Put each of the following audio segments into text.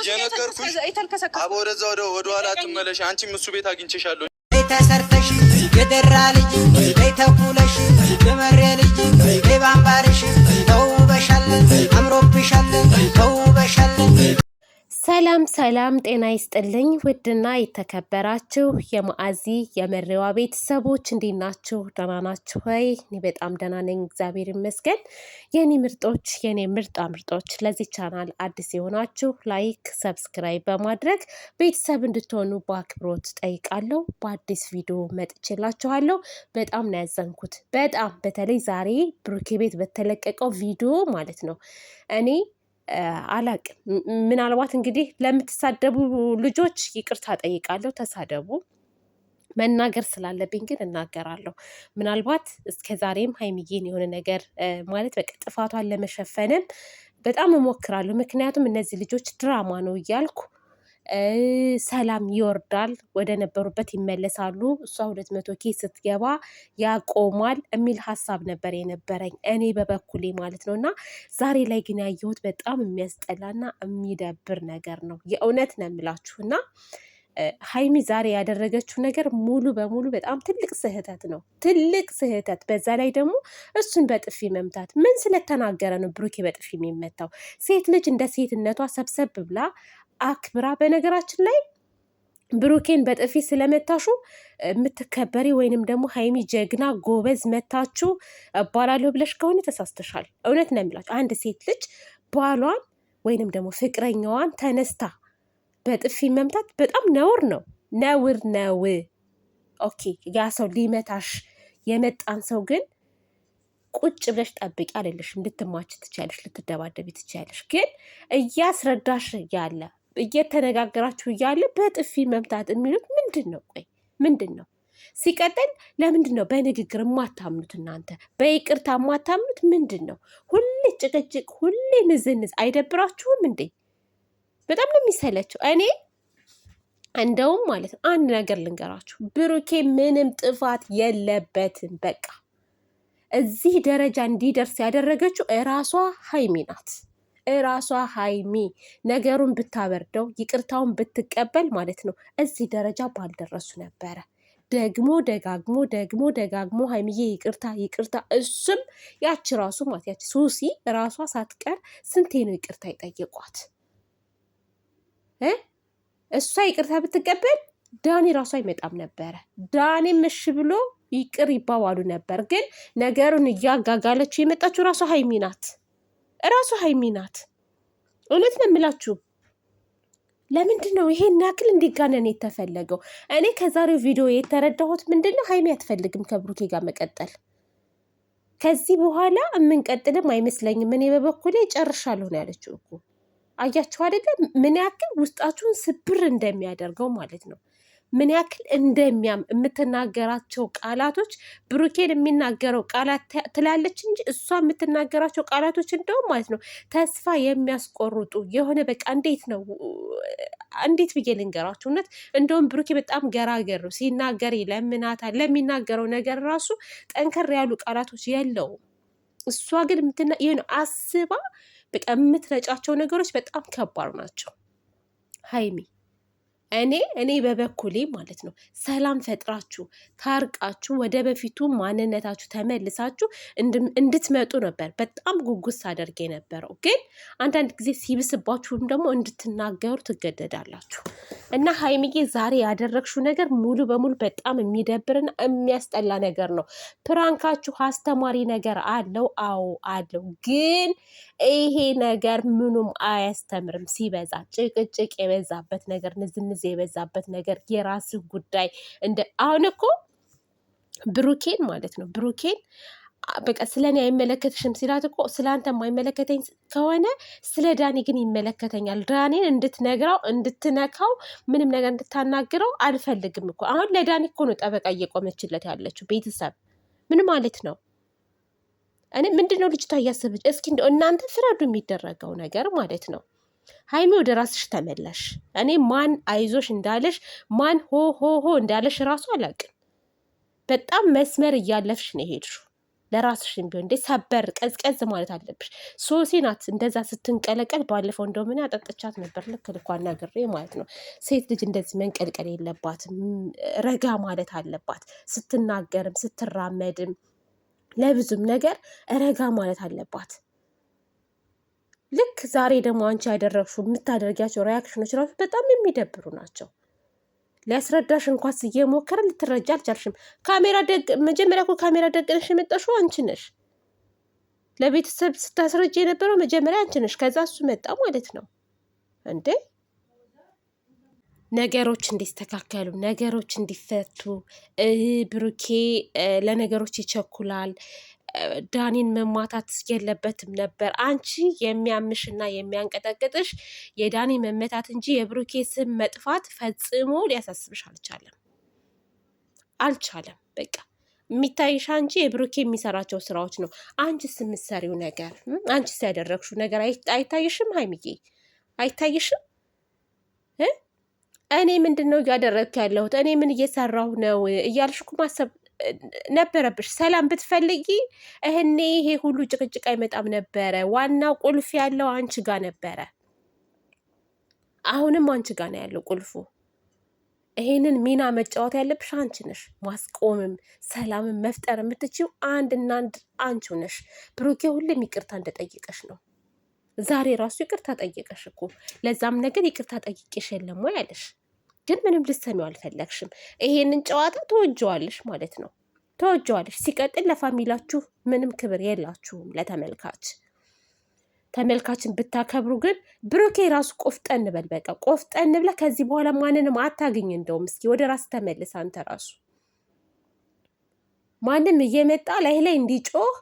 እየነገርኩሽ አብ ወደዛ ወደ ወደኋላ አትመለሽ። አንቺም እሱ ቤት አግኝቼሻለሁ። ተሰርተሽ የደራ ልጅ ተኩለሽ የመሬ ልጅ ባምባርሽ ተውበሻለን፣ አምሮብሻለን፣ ተውበሻለን ሰላም ሰላም፣ ጤና ይስጥልኝ ውድና የተከበራችሁ የማዓዚ የመሪዋ ቤተሰቦች እንዴት ናችሁ? ደህና ናችሁ ወይ? እኔ በጣም ደህና ነኝ፣ እግዚአብሔር ይመስገን። የኔ ምርጦች፣ የኔ ምርጣ ምርጦች፣ ለዚህ ቻናል አዲስ የሆናችሁ ላይክ፣ ሰብስክራይብ በማድረግ ቤተሰብ እንድትሆኑ በአክብሮት ጠይቃለሁ። በአዲስ ቪዲዮ መጥቼላችኋለሁ። በጣም ነው ያዘንኩት፣ በጣም በተለይ ዛሬ ብሩኬ ቤት በተለቀቀው ቪዲዮ ማለት ነው እኔ አላቅም። ምናልባት እንግዲህ ለምትሳደቡ ልጆች ይቅርታ ጠይቃለሁ። ተሳደቡ፣ መናገር ስላለብኝ ግን እናገራለሁ። ምናልባት እስከ ዛሬም ሀይሚዬን የሆነ ነገር ማለት በቃ ጥፋቷን ለመሸፈንም በጣም እሞክራለሁ። ምክንያቱም እነዚህ ልጆች ድራማ ነው እያልኩ ሰላም ይወርዳል፣ ወደ ነበሩበት ይመለሳሉ። እሷ ሁለት መቶ ኬ ስትገባ ያቆሟል የሚል ሀሳብ ነበር የነበረኝ እኔ በበኩሌ ማለት ነው። እና ዛሬ ላይ ግን ያየሁት በጣም የሚያስጠላና የሚደብር ነገር ነው። የእውነት ነው የምላችሁ እና ሀይሚ ዛሬ ያደረገችው ነገር ሙሉ በሙሉ በጣም ትልቅ ስህተት ነው። ትልቅ ስህተት። በዛ ላይ ደግሞ እሱን በጥፊ መምታት ምን ስለተናገረ ነው ብሩኬ በጥፊ የሚመታው? ሴት ልጅ እንደ ሴትነቷ ሰብሰብ ብላ አክብራ በነገራችን ላይ ብሩኬን በጥፊ ስለመታሹ የምትከበሪ ወይንም ደግሞ ሀይሚ ጀግና ጎበዝ መታችሁ እባላለሁ ብለሽ ከሆነ ተሳስተሻል። እውነት ነው የምላችሁ አንድ ሴት ልጅ ባሏን ወይንም ደግሞ ፍቅረኛዋን ተነስታ በጥፊ መምታት በጣም ነውር ነው፣ ነውር ነው። ኦኬ ያ ሰው ሊመታሽ የመጣን ሰው ግን ቁጭ ብለሽ ጠብቂ አለልሽ። ልትማች ትችያለሽ፣ ልትደባደቢ ትችያለሽ። ግን እያስረዳሽ ያለ እየተነጋገራችሁ እያለ በጥፊ መምታት የሚሉት ምንድን ነው? ቆይ ምንድን ነው? ሲቀጥል ለምንድን ነው በንግግር የማታምኑት? እናንተ በይቅርታ የማታምኑት ምንድን ነው? ሁሌ ጭቅጭቅ፣ ሁሌ ንዝንዝ አይደብራችሁም እንዴ? በጣም ነው የሚሰለችው። እኔ እንደውም ማለት ነው አንድ ነገር ልንገራችሁ፣ ብሩኬ ምንም ጥፋት የለበትም። በቃ እዚህ ደረጃ እንዲደርስ ያደረገችው እራሷ ሀይሚ ናት። እራሷ ሀይሚ ነገሩን ብታበርደው ይቅርታውን ብትቀበል ማለት ነው እዚህ ደረጃ ባልደረሱ ነበረ። ደግሞ ደጋግሞ ደግሞ ደጋግሞ ሀይሚዬ ይቅርታ ይቅርታ፣ እሱም ያች ራሱ ማለት ያች ሱሲ ራሷ ሳትቀር ስንቴ ነው ይቅርታ ይጠይቋት እሷ ይቅርታ ብትቀበል ዳኒ ራሱ አይመጣም ነበረ። ዳኒም እሺ ብሎ ይቅር ይባባሉ ነበር። ግን ነገሩን እያጋጋለችው የመጣችው ራሷ ሀይሚ ናት። እራሱ ሀይሚ ናት። እውነት ነው የምላችሁ። ለምንድን ነው ይሄን ያክል እንዲጋነን የተፈለገው? እኔ ከዛሬው ቪዲዮ የተረዳሁት ምንድን ነው ሀይሚ አትፈልግም ከብሩኬ ጋር መቀጠል። ከዚህ በኋላ የምንቀጥልም አይመስለኝም እኔ በበኩሌ ጨርሻለሁ ነው ያለችው እኮ አያቸው አይደለም ምን ያክል ውስጣችሁን ስብር እንደሚያደርገው ማለት ነው። ምን ያክል እንደሚያም የምትናገራቸው ቃላቶች ብሩኬን የሚናገረው ቃላት ትላለች እንጂ እሷ የምትናገራቸው ቃላቶች እንደውም ማለት ነው ተስፋ የሚያስቆርጡ የሆነ በቃ እንዴት ነው እንዴት ብዬ ልንገራችሁ? እውነት እንደውም ብሩኬ በጣም ገራገር ነው ሲናገር ለምናታ ለሚናገረው ነገር ራሱ ጠንከር ያሉ ቃላቶች የለውም። እሷ ግን የምትና ነው አስባ በቃ የምትረጫቸው ነገሮች በጣም ከባድ ናቸው ሀይሚ እኔ እኔ በበኩሌ ማለት ነው ሰላም ፈጥራችሁ ታርቃችሁ ወደ በፊቱ ማንነታችሁ ተመልሳችሁ እንድትመጡ ነበር በጣም ጉጉስ ሳደርግ የነበረው። ግን አንዳንድ ጊዜ ሲብስባችሁም ደግሞ እንድትናገሩ ትገደዳላችሁ እና ሀይሚዬ ዛሬ ያደረግሽው ነገር ሙሉ በሙሉ በጣም የሚደብርና የሚያስጠላ ነገር ነው። ፕራንካችሁ አስተማሪ ነገር አለው። አዎ አለው። ግን ይሄ ነገር ምኑም አያስተምርም። ሲበዛ ጭቅጭቅ የበዛበት ነገር ንዝንዝ ጊዜ የበዛበት ነገር የራስህ ጉዳይ እንደ አሁን እኮ ብሩኬን ማለት ነው ብሩኬን በቃ ስለ እኔ አይመለከትሽም ሲላት እኮ ስለ አንተ የማይመለከተኝ ከሆነ ስለ ዳኒ ግን ይመለከተኛል። ዳኒን እንድትነግረው እንድትነካው፣ ምንም ነገር እንድታናግረው አልፈልግም እኮ አሁን ለዳኒ እኮ ነው ጠበቃ እየቆመችለት ያለችው። ቤተሰብ ምን ማለት ነው? እኔ ምንድነው ልጅቷ እያሰበች? እስኪ እናንተ ፍረዱ የሚደረገው ነገር ማለት ነው። ሀይሚ ወደ ራስሽ ተመለሽ። እኔ ማን አይዞሽ እንዳለሽ ማን ሆ ሆ ሆ እንዳለሽ ራሱ አላውቅም። በጣም መስመር እያለፍሽ ነው የሄድሽው። ለራስሽም ቢሆን እንደ ሰበር ቀዝቀዝ ማለት አለብሽ። ሶሲ ናት እንደዛ ስትንቀለቀል። ባለፈው እንደምን አጠጥቻት ነበር ልክ ልኳ አናግሬ ማለት ነው። ሴት ልጅ እንደዚህ መንቀልቀል የለባትም ረጋ ማለት አለባት። ስትናገርም ስትራመድም ለብዙም ነገር ረጋ ማለት አለባት። ልክ ዛሬ ደግሞ አንቺ ያደረግሹ የምታደርጊያቸው ሪያክሽኖች ራሱ በጣም የሚደብሩ ናቸው። ሊያስረዳሽ እንኳን እየሞከረ ልትረጃ አልቻልሽም። ካሜራ ደግ መጀመሪያ እኮ ካሜራ ደግነሽ የመጣሽው አንቺ ነሽ። ለቤተሰብ ስታስረጅ የነበረው መጀመሪያ አንቺ ነሽ። ከዛ እሱ መጣ ማለት ነው እንዴ። ነገሮች እንዲስተካከሉ ነገሮች እንዲፈቱ ብሩኬ ለነገሮች ይቸኩላል። ዳኒን መማታት የለበትም ነበር። አንቺ የሚያምሽና የሚያንቀጠቅጥሽ የዳኒ መመታት እንጂ የብሩኬ ስም መጥፋት ፈጽሞ ሊያሳስብሽ አልቻለም አልቻለም። በቃ የሚታይሻ እንጂ የብሩኬ የሚሰራቸው ስራዎች ነው። አንቺ ስምሰሪው ነገር፣ አንቺ ያደረግሽው ነገር አይታይሽም? ሀይሚዬ አይታይሽም? እኔ ምንድን ነው እያደረግኩ ያለሁት? እኔ ምን እየሰራሁ ነው እያልሽኩ ማሰብ ነበረብሽ። ሰላም ብትፈልጊ እህኔ ይሄ ሁሉ ጭቅጭቅ አይመጣም ነበረ። ዋናው ቁልፍ ያለው አንቺ ጋ ነበረ። አሁንም አንቺ ጋ ነው ያለው ቁልፉ። ይሄንን ሚና መጫወት ያለብሽ አንቺ ነሽ። ማስቆምም ሰላምም መፍጠር የምትችው አንድ እና አንድ ነሽ። ብሩኬ ሁሌም ይቅርታ እንደጠይቀሽ ነው። ዛሬ ራሱ ይቅርታ ጠይቀሽ እኮ ለዛም ነገር ይቅርታ ጠይቄሽ የለም ወይ አለሽ። ግን ምንም ልትሰሚው አልፈለግሽም። ይሄንን ጨዋታ ተወጀዋለሽ ማለት ነው፣ ተወጀዋለሽ። ሲቀጥል ለፋሚላችሁ ምንም ክብር የላችሁም። ለተመልካች ተመልካችን ብታከብሩ ግን ብሩኬ ራሱ ቆፍጠን በል፣ በቃ ቆፍጠን ብለ ከዚህ በኋላ ማንንም አታገኝ። እንደውም እስኪ ወደ ራስ ተመልስ አንተ ራሱ ማንም እየመጣ ላይ ላይ እንዲጮህ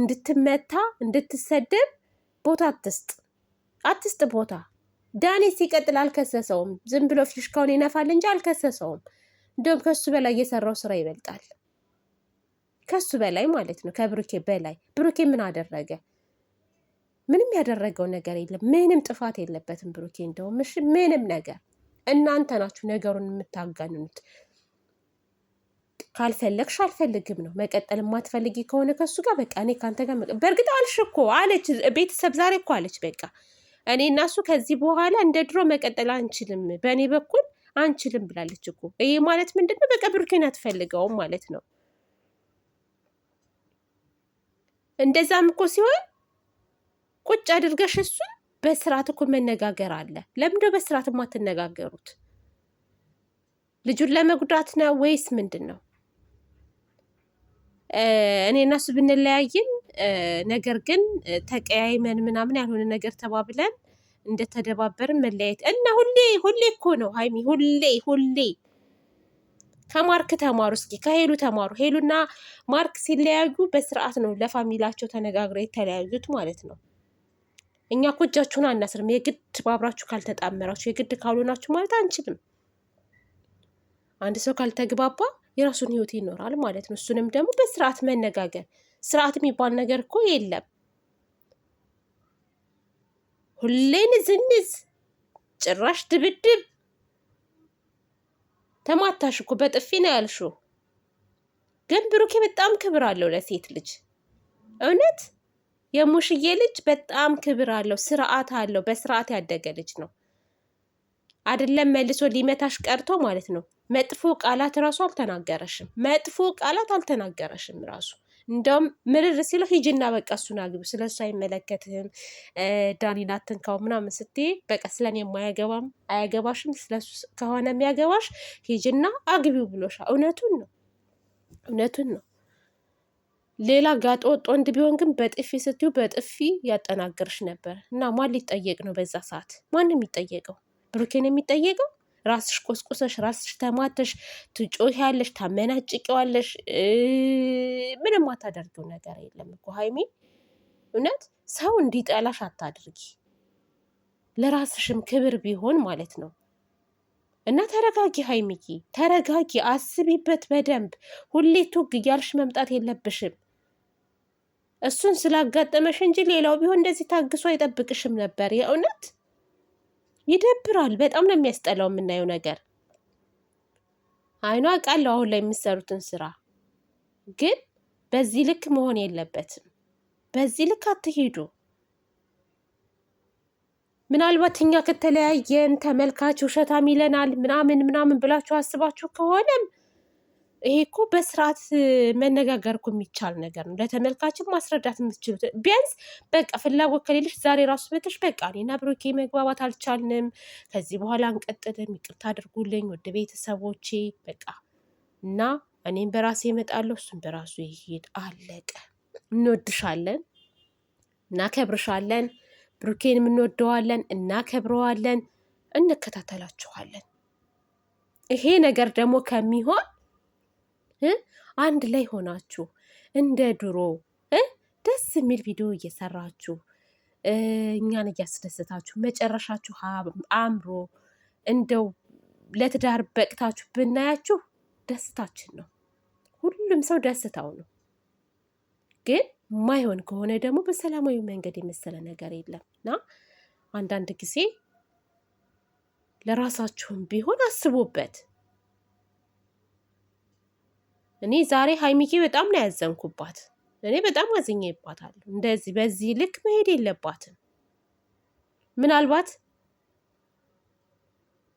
እንድትመታ እንድትሰድብ ቦታ አትስጥ፣ አትስጥ ቦታ ዳኔ ሲቀጥል አልከሰሰውም። ዝም ብሎ ፊሽካውን ይነፋል እንጂ አልከሰሰውም። እንደውም ከሱ በላይ የሰራው ስራ ይበልጣል። ከሱ በላይ ማለት ነው፣ ከብሩኬ በላይ። ብሩኬ ምን አደረገ? ምንም ያደረገው ነገር የለም። ምንም ጥፋት የለበትም ብሩኬ። እንደውም እሺ፣ ምንም ነገር እናንተ ናችሁ ነገሩን የምታጋንኑት። ካልፈለግሽ አልፈልግም ነው። መቀጠል የማትፈልጊ ከሆነ ከሱ ጋር በቃ እኔ ከአንተ ጋር በእርግጥ አልሽ እኮ አለች። ቤተሰብ ዛሬ እኮ አለች በቃ እኔ እና እሱ ከዚህ በኋላ እንደ ድሮ መቀጠል አንችልም፣ በእኔ በኩል አንችልም ብላለች እኮ። ይሄ ማለት ምንድን ነው? በቃ ብሩኬን አትፈልገውም ማለት ነው። እንደዛም እኮ ሲሆን ቁጭ አድርገሽ እሱን በስርዓት እኮ መነጋገር አለ። ለምንድን በስርዓት የማትነጋገሩት? ልጁን ለመጉዳት ነው ወይስ ምንድን ነው? እኔ እነሱ ብንለያይም ነገር ግን ተቀያይመን ምናምን ያልሆነ ነገር ተባብለን እንደተደባበርን መለያየት እና ሁሌ ሁሌ እኮ ነው ሀይሚ፣ ሁሌ ሁሌ ከማርክ ተማሩ እስኪ ከሄሉ ተማሩ። ሄሉና ማርክ ሲለያዩ በስርዓት ነው ለፋሚላቸው ተነጋግረው የተለያዩት ማለት ነው። እኛ እኮ እጃችሁን አናስርም። የግድ ባብራችሁ ካልተጣመራችሁ፣ የግድ ካልሆናችሁ ማለት አንችልም። አንድ ሰው ካልተግባባ የራሱን ህይወት ይኖራል ማለት ነው። እሱንም ደግሞ በስርዓት መነጋገር። ስርዓት የሚባል ነገር እኮ የለም። ሁሌ ንዝንዝ፣ ጭራሽ ድብድብ። ተማታሽ እኮ በጥፊ ነው ያልሺው። ግን ብሩኬ በጣም ክብር አለው ለሴት ልጅ እውነት የሙሽዬ ልጅ በጣም ክብር አለው፣ ስርዓት አለው። በስርዓት ያደገ ልጅ ነው። አይደለም መልሶ ሊመታሽ ቀርቶ ማለት ነው። መጥፎ ቃላት ራሱ አልተናገረሽም። መጥፎ ቃላት አልተናገረሽም ራሱ እንደውም ምርር ሲለው ሂጅና በቃ እሱን ስለ ስለሱ አይመለከትህም፣ ዳኒን አትንካው ምናምን ስትይ በቃ ስለኔ አያገባም አያገባሽም፣ ስለሱ ከሆነ የሚያገባሽ ሂጅና አግቢው ብሎሻ። እውነቱን ነው፣ እውነቱን ነው። ሌላ ጋጠ ወጥ ወንድ ቢሆን ግን በጥፊ ስትዩ በጥፊ ያጠናግርሽ ነበር። እና ማን ሊጠየቅ ነው በዛ ሰዓት? ማንም የሚጠየቀው ብሩኬን የሚጠየቀው ራስሽ ቆስቁሰሽ ራስሽ ተማተሽ ትጮሻለሽ፣ ታመናጭቂዋለሽ። ምንም አታደርጊው ነገር የለም እኮ ሀይሚ። እውነት ሰው እንዲጠላሽ አታድርጊ። ለራስሽም ክብር ቢሆን ማለት ነው። እና ተረጋጊ ሀይሚኪ፣ ተረጋጊ፣ አስቢበት በደንብ። ሁሌ ቱግ እያልሽ መምጣት የለብሽም። እሱን ስላጋጠመሽ እንጂ ሌላው ቢሆን እንደዚህ ታግሶ አይጠብቅሽም ነበር የእውነት ይደብራል። በጣም ነው የሚያስጠላው የምናየው ነገር። አይኗ አውቃለሁ አሁን ላይ የምትሰሩትን ስራ ግን በዚህ ልክ መሆን የለበትም። በዚህ ልክ አትሄዱ። ምናልባት እኛ ከተለያየን ተመልካች ውሸታም ይለናል ምናምን ምናምን ብላችሁ አስባችሁ ከሆነም ይሄ እኮ በስርዓት መነጋገር እኮ የሚቻል ነገር ነው። ለተመልካችን ማስረዳት የምትችሉት ቢያንስ በቃ ፍላጎት ከሌለሽ ዛሬ ራሱ መተሽ በቃ እኔና ብሩኬ መግባባት አልቻልንም፣ ከዚህ በኋላ አንቀጥልም፣ ይቅርታ አድርጉልኝ ወደ ቤተሰቦቼ በቃ እና እኔም በራሴ እመጣለሁ፣ እሱም በራሱ ይሄድ። አለቀ። እንወድሻለን፣ እናከብርሻለን። ብሩኬንም እንወደዋለን፣ እናከብረዋለን፣ እንከታተላችኋለን። ይሄ ነገር ደግሞ ከሚሆን አንድ ላይ ሆናችሁ እንደ ድሮ ደስ የሚል ቪዲዮ እየሰራችሁ እኛን እያስደሰታችሁ መጨረሻችሁ አምሮ እንደው ለትዳር በቅታችሁ ብናያችሁ ደስታችን ነው። ሁሉም ሰው ደስታው ነው። ግን ማይሆን ከሆነ ደግሞ በሰላማዊ መንገድ የመሰለ ነገር የለም እና አንዳንድ ጊዜ ለራሳችሁም ቢሆን አስቡበት። እኔ ዛሬ ሀይሚኬ በጣም ነው ያዘንኩባት። እኔ በጣም አዝኜባታል። እንደዚህ በዚህ ልክ መሄድ የለባትም። ምናልባት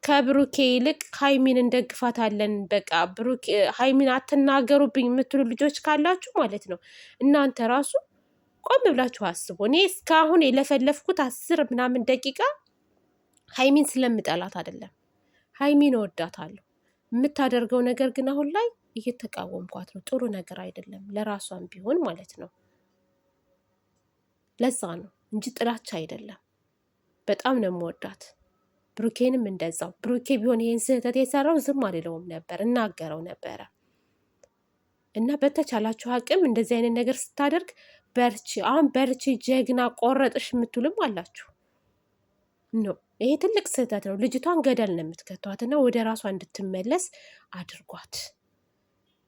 ከብሩኬ ይልቅ ሀይሚን እንደግፋታለን። በቃ ብሩኬ ሀይሚን አትናገሩብኝ የምትሉ ልጆች ካላችሁ ማለት ነው እናንተ ራሱ ቆም ብላችሁ አስቡ። እኔ እስካሁን የለፈለፍኩት አስር ምናምን ደቂቃ ሀይሚን ስለምጠላት አይደለም፣ ሀይሚን እወዳታለሁ። የምታደርገው ነገር ግን አሁን ላይ እየተቃወምኳት ነው። ጥሩ ነገር አይደለም፣ ለራሷም ቢሆን ማለት ነው። ለዛ ነው እንጂ ጥላቻ አይደለም። በጣም ነው የምወዳት። ብሩኬንም እንደዛው። ብሩኬ ቢሆን ይህን ስህተት የሰራው ዝም አልለውም ነበር፣ እናገረው ነበረ። እና በተቻላችሁ አቅም እንደዚህ አይነት ነገር ስታደርግ በርቺ፣ አሁን በርቺ፣ ጀግና ቆረጥሽ የምትሉም አላችሁ ኖ ይሄ ትልቅ ስህተት ነው። ልጅቷን ገደል ነው የምትከቷት እና ወደ ራሷ እንድትመለስ አድርጓት።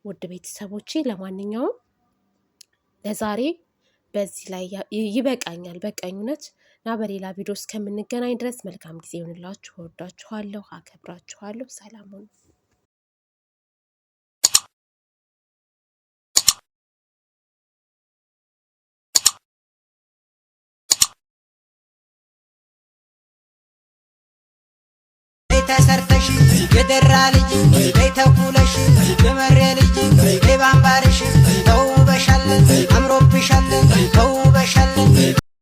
ውድ ቤተሰቦቼ ለማንኛውም ለዛሬ በዚህ ላይ ይበቃኛል። በቀኙነት እና በሌላ ቪዲዮ እስከምንገናኝ ድረስ መልካም ጊዜ ይሆንላችሁ። እወዳችኋለሁ፣ አከብራችኋለሁ። ሰላም ሁኑ። ተሰርተሽ የደራ ልጅ